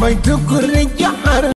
may dugg rek jox